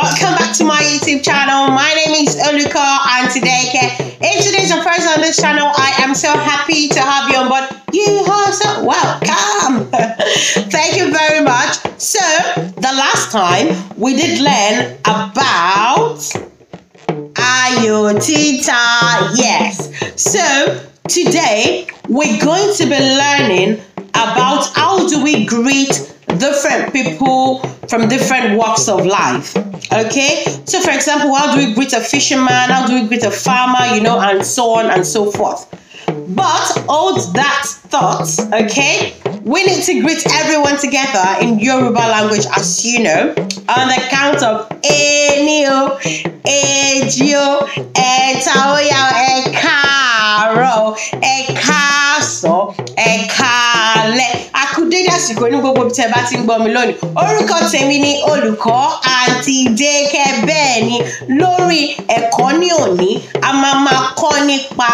Welcome back to my YouTube channel. My name is Uluka, and today, if today's your first on this channel, I am so happy to have you on board. You are so welcome. Thank you very much. So, the last time we did learn about IOTita. Yes. So, today we're going to be learning about how do we greet different people from different walks of life. Okay, so for example, how do we greet a fisherman? How do we greet a farmer? You know, and so on and so forth. But hold that thought, okay? We need to greet everyone together in Yoruba language, as you know, on the count of Enio, Ejio, Etaoya, Ekaro, Ekaso, Ekaro. dédé àsìkò ní gbogbo tẹ bá ti ń gbọ́ mi lónìí orúkọ tèmi ni olùkọ́ àti dékẹ́ bẹ́ẹ̀ ni lórí ẹ̀kọ́ ní òní a máa máa kọ́ nípa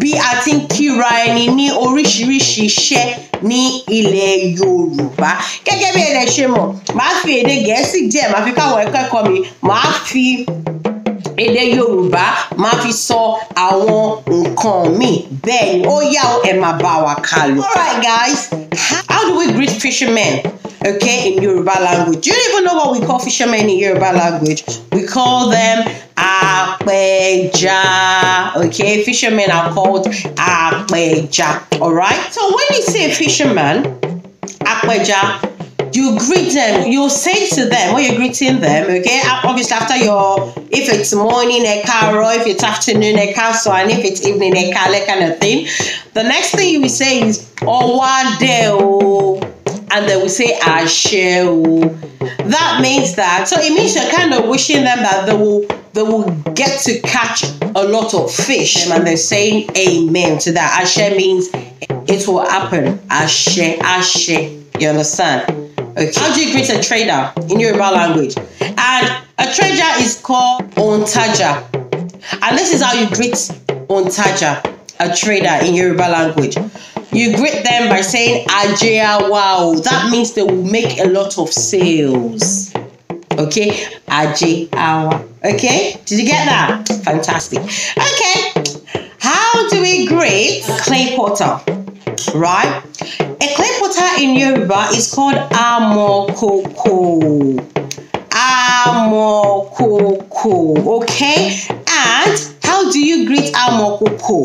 bí a ti ń kíra ẹni ní oríṣiríṣi iṣẹ́ ní ilẹ̀ yorùbá gẹ́gẹ́ bí ẹ lè ṣe mọ̀ máa fi èdè gẹ̀ẹ́sì díẹ̀ máa fi káwọn ẹ̀kọ́ ẹ̀kọ́ mi máa fi èdè yorùbá máa fi sọ àwọn nǹkan míì bẹ́ẹ̀ ó yá ẹ máa bá wa ká lọ. alright guys how do we greet fishermen? okay, in Yoruba language. Do You even know what we call fishermen in Yoruba language. We call them Apeja. Okay, fishermen are called Apeja. All right. So when you say fisherman, Apeja you greet them, you say to them when you're greeting them, okay? Obviously, after your, if it's morning, a or if it's afternoon, a caso, and if it's evening, a kale kind of thing. The next thing you will say is, oh, one day, and they will say, asheo. That means that, so it means you're kind of wishing them that they will they will get to catch a lot of fish. And they're saying amen to that. Ashe means it will happen. Ashe, ashe. You understand? Okay. How do you greet a trader in Yoruba language? And a trader is called ontaja. And this is how you greet ontaja, a trader in Yoruba language. You greet them by saying ajawa. wow. That means they will make a lot of sales. Okay, ajawa. Okay, did you get that? Fantastic. Okay, how do we greet clay potter? right? A clay potter in Yoruba is called amokoko. Amokoko, okay? And how do you greet amokoko?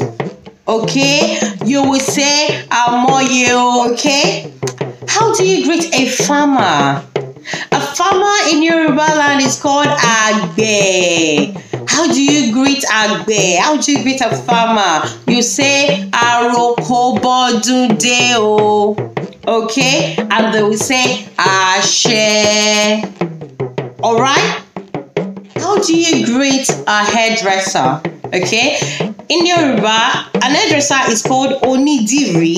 Okay, you will say amoye, okay? How do you greet a farmer? A farmer in Yoruba land is called agbe. how do you greet àgbẹ̀ how do you greet a farmer you say àròkò bọ́dún o okay and they will say All right. how do you greet a hairdresser okay in Yoruba an hairdresser is called onidiri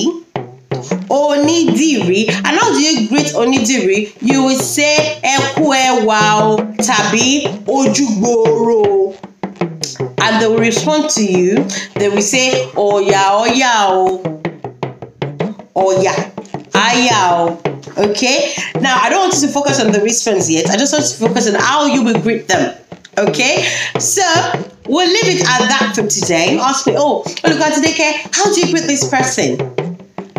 Onidiri, and how do you greet onidiri? you will say ẹ kú ẹwà o tàbí ojú and they will respond to you. They will say, "Oh oh yeah, oh yeah, Aya, yeah." Okay? Now, I don't want you to focus on the response yet. I just want to focus on how you will greet them. Okay? So, we'll leave it at that for today. Ask me, oh, look, Auntie Deke, how do you greet this person?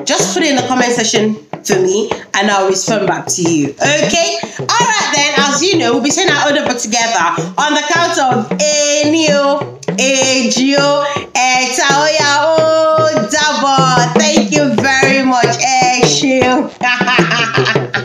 Just put it in the comment section for me and I'll respond back to you. Okay? Alright then, as you know, we'll be saying our order together on the count of a, Ejio, Etaoyao, oh, Dabo. Thank you very much, Eshio.